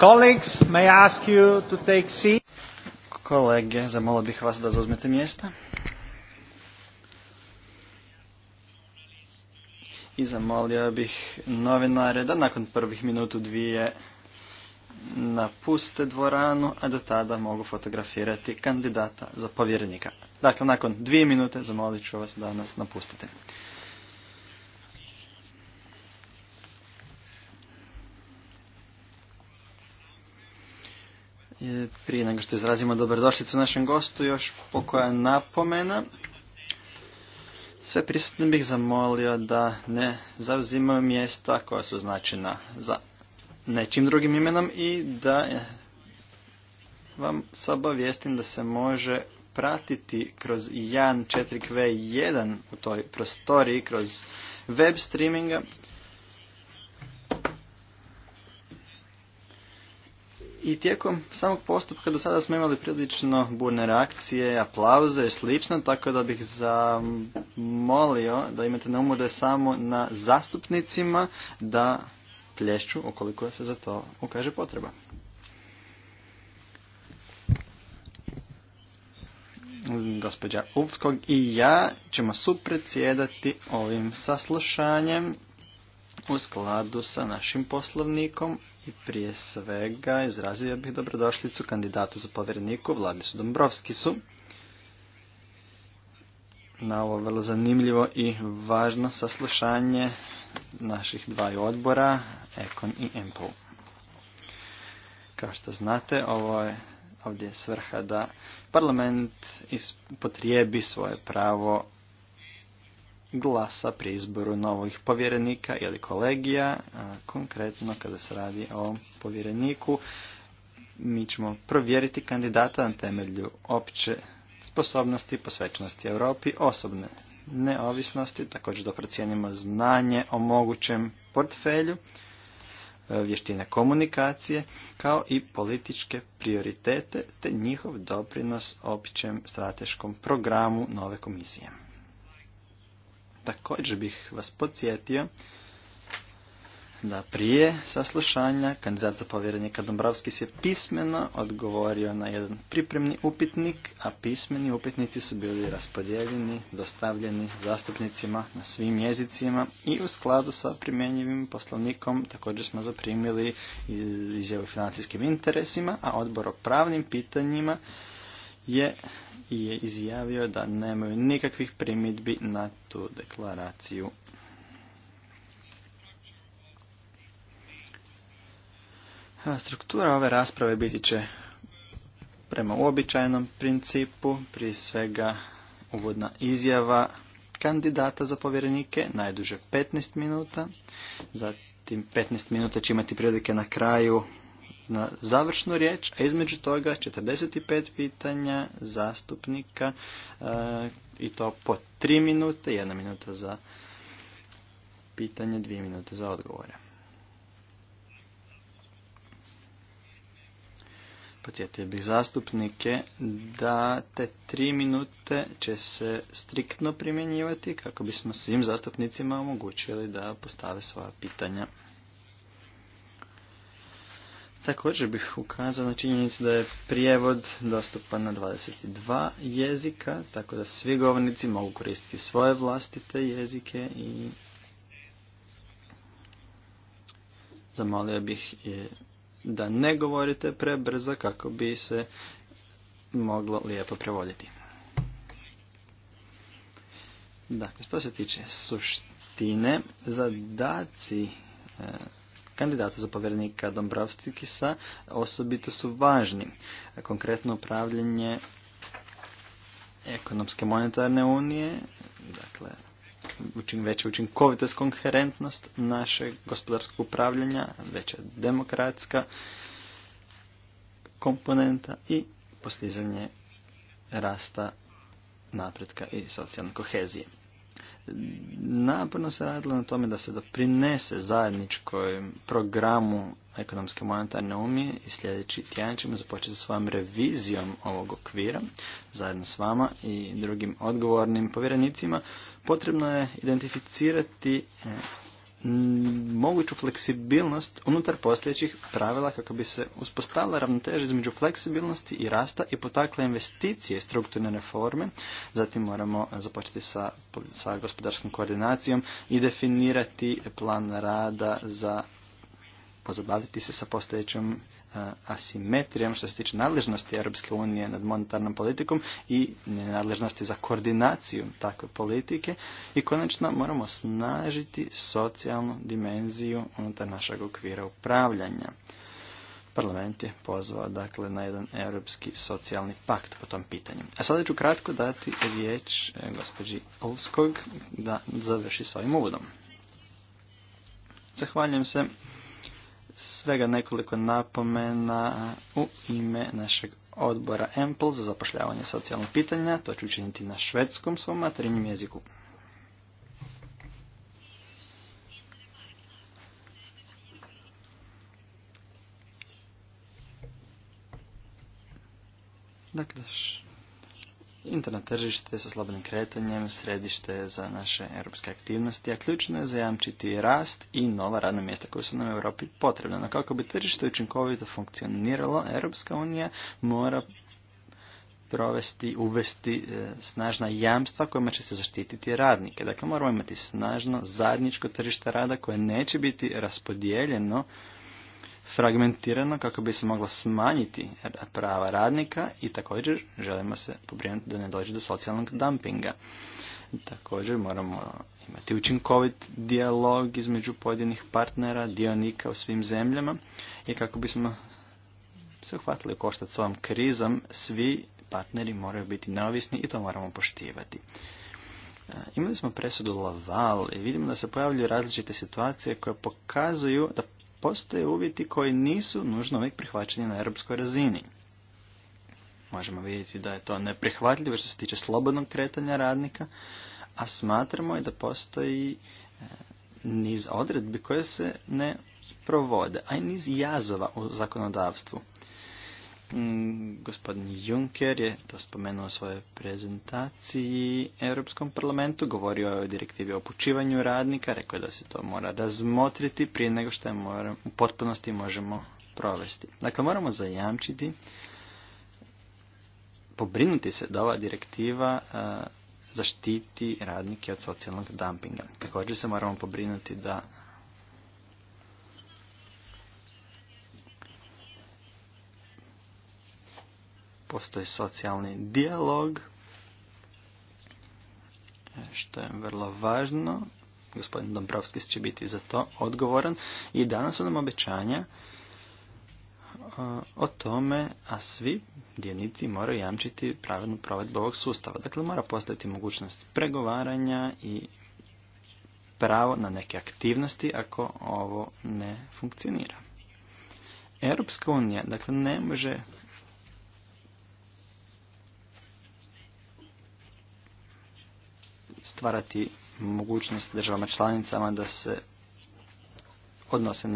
Colleagues, may to Kolege, zamolio bih vas da zauzmete mjesta. I zamolio bih novinare da nakon prvih minutu dvije napuste dvoranu, a da tada mogu fotografirati kandidata za povjerenika. Dakle, nakon dvije minute zamolit ću vas da nas napustite. Prije nego što izrazimo dobrodošlicu našem gostu, još pokoja napomena. Sve prisutne bih zamolio da ne zauzimaju mjesta koja su značena za nečim drugim imenom i da e, vam s obavijestim da se može pratiti kroz Jan 4Q1 u toj prostoriji, kroz web streaminga I tijekom samog postupka do sada smo imali prilično burne reakcije, aplauze i slično, tako da bih zamolio da imate na umu da je samo na zastupnicima da plješću ukoliko se za to ukaže potreba. Gospođa Ulskog i ja ćemo supredsjedati ovim saslušanjem u skladu sa našim poslovnikom i prije svega izrazio bih dobrodošlicu kandidatu za povjereniku Vladisu Dombrovskisu na ovo vrlo zanimljivo i važno saslušanje naših dvaju odbora, Ekon i Empol. Kao što znate, ovo je ovdje je svrha da parlament potrijebi svoje pravo glasa pri izboru novih povjerenika ili kolegija, konkretno kada se radi o povjereniku. Mi ćemo provjeriti kandidata na temelju opće sposobnosti i posvećenosti Europi, osobne neovisnosti, također da procijenimo znanje o mogućem portfelju, e, vještine komunikacije, kao i političke prioritete te njihov doprinos općem strateškom programu nove komisije. Također bih vas podsjetio da prije saslušanja kandidat za povjerenika Dombrovski se pismeno odgovorio na jedan pripremni upitnik, a pismeni upitnici su bili raspodijeljeni, dostavljeni zastupnicima na svim jezicima i u skladu sa primjenjivim poslovnikom također smo zaprimili izjavu financijskim interesima, a odbor o pravnim pitanjima je je izjavio da nemaju nikakvih primjedbi na tu deklaraciju. Struktura ove rasprave biti će prema uobičajenom principu, prije svega uvodna izjava kandidata za povjerenike, najduže 15 minuta, zatim 15 minuta će imati prilike na kraju na završnu riječ, a između toga 45 pitanja zastupnika e, i to po 3 minute, Jedna minuta za pitanje, 2 minute za odgovore. Podsjetio bih zastupnike da te tri minute će se striktno primjenjivati kako bismo svim zastupnicima omogućili da postave svoja pitanja. Također bih ukazao na činjenicu da je prijevod dostupan na 22 jezika, tako da svi govornici mogu koristiti svoje vlastite jezike i zamolio bih da ne govorite prebrzo kako bi se moglo lijepo prevoditi. Dakle, što se tiče suštine, zadaci e, kandidata za povjerenika Dombrovskisa osobito su važni. Konkretno upravljanje ekonomske monetarne unije, dakle učin, veća učinkovitost, konherentnost našeg gospodarskog upravljanja, veća demokratska komponenta i postizanje rasta napretka i socijalne kohezije naporno se radilo na tome da se doprinese zajedničkom programu ekonomske monetarne unije i sljedeći tjedan ćemo započeti s svojom revizijom ovog okvira zajedno s vama i drugim odgovornim povjerenicima. Potrebno je identificirati eh, moguću fleksibilnost unutar postojećih pravila kako bi se uspostavila ravnoteža između fleksibilnosti i rasta i potakla investicije i strukturne reforme. Zatim moramo započeti sa, sa gospodarskom koordinacijom i definirati plan rada za pozabaviti se sa postojećom asimetrijom što se tiče nadležnosti Europske unije nad monetarnom politikom i nadležnosti za koordinaciju takve politike i konačno moramo snažiti socijalnu dimenziju unutar našeg okvira upravljanja. Parlament je pozvao dakle na jedan europski socijalni pakt po tom pitanju. A sada ću kratko dati riječ e, gospođi Olskog da završi s ovim uvodom. Zahvaljujem se svega nekoliko napomena u ime našeg odbora Ample za zapošljavanje socijalnog pitanja. To ću učiniti na švedskom svom materinjem jeziku. Dakle, Interno tržište sa slobodnim kretanjem središte za naše europske aktivnosti, a ključno je zajamčiti rast i nova radna mjesta koja su nam u Europi potrebna. No kako bi tržište učinkovito funkcioniralo, Europska unija mora provesti, uvesti e, snažna jamstva kojima će se zaštititi radnike. Dakle, moramo imati snažno zajedničko tržište rada koje neće biti raspodijeljeno fragmentirano kako bi se mogla smanjiti prava radnika i također želimo se pobrinuti da ne dođe do socijalnog dumpinga. Također moramo imati učinkovit dijalog između pojedinih partnera, dionika u svim zemljama i kako bismo se uhvatili koštac s ovom krizom, svi partneri moraju biti neovisni i to moramo poštivati. E, imali smo presudu Laval i vidimo da se pojavljuju različite situacije koje pokazuju da postoje uvjeti koji nisu nužno uvijek prihvaćeni na europskoj razini. Možemo vidjeti da je to neprihvatljivo što se tiče slobodnog kretanja radnika, a smatramo je da postoji e, niz odredbi koje se ne provode, a i niz jazova u zakonodavstvu. Mm, gospodin Juncker je to spomenuo u svojoj prezentaciji Europskom parlamentu, govorio je o direktivi o upućivanju radnika, rekao je da se to mora razmotriti prije nego što je u potpunosti možemo provesti. Dakle, moramo zajamčiti, pobrinuti se da ova direktiva e, zaštiti radnike od socijalnog dumpinga. Također se moramo pobrinuti da postoji socijalni dijalog, što je vrlo važno. Gospodin Dombrovskis će biti za to odgovoran. I danas su nam obećanja e, o tome, a svi djenici moraju jamčiti pravednu provedbu ovog sustava. Dakle, mora postojati mogućnost pregovaranja i pravo na neke aktivnosti ako ovo ne funkcionira. Europska unija, dakle, ne može stvarati mogućnost državama članicama da se odnose